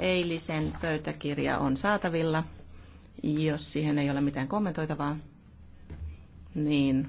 Eilisen pöytäkirja on saatavilla. Jos siihen ei ole mitään kommentoitavaa, niin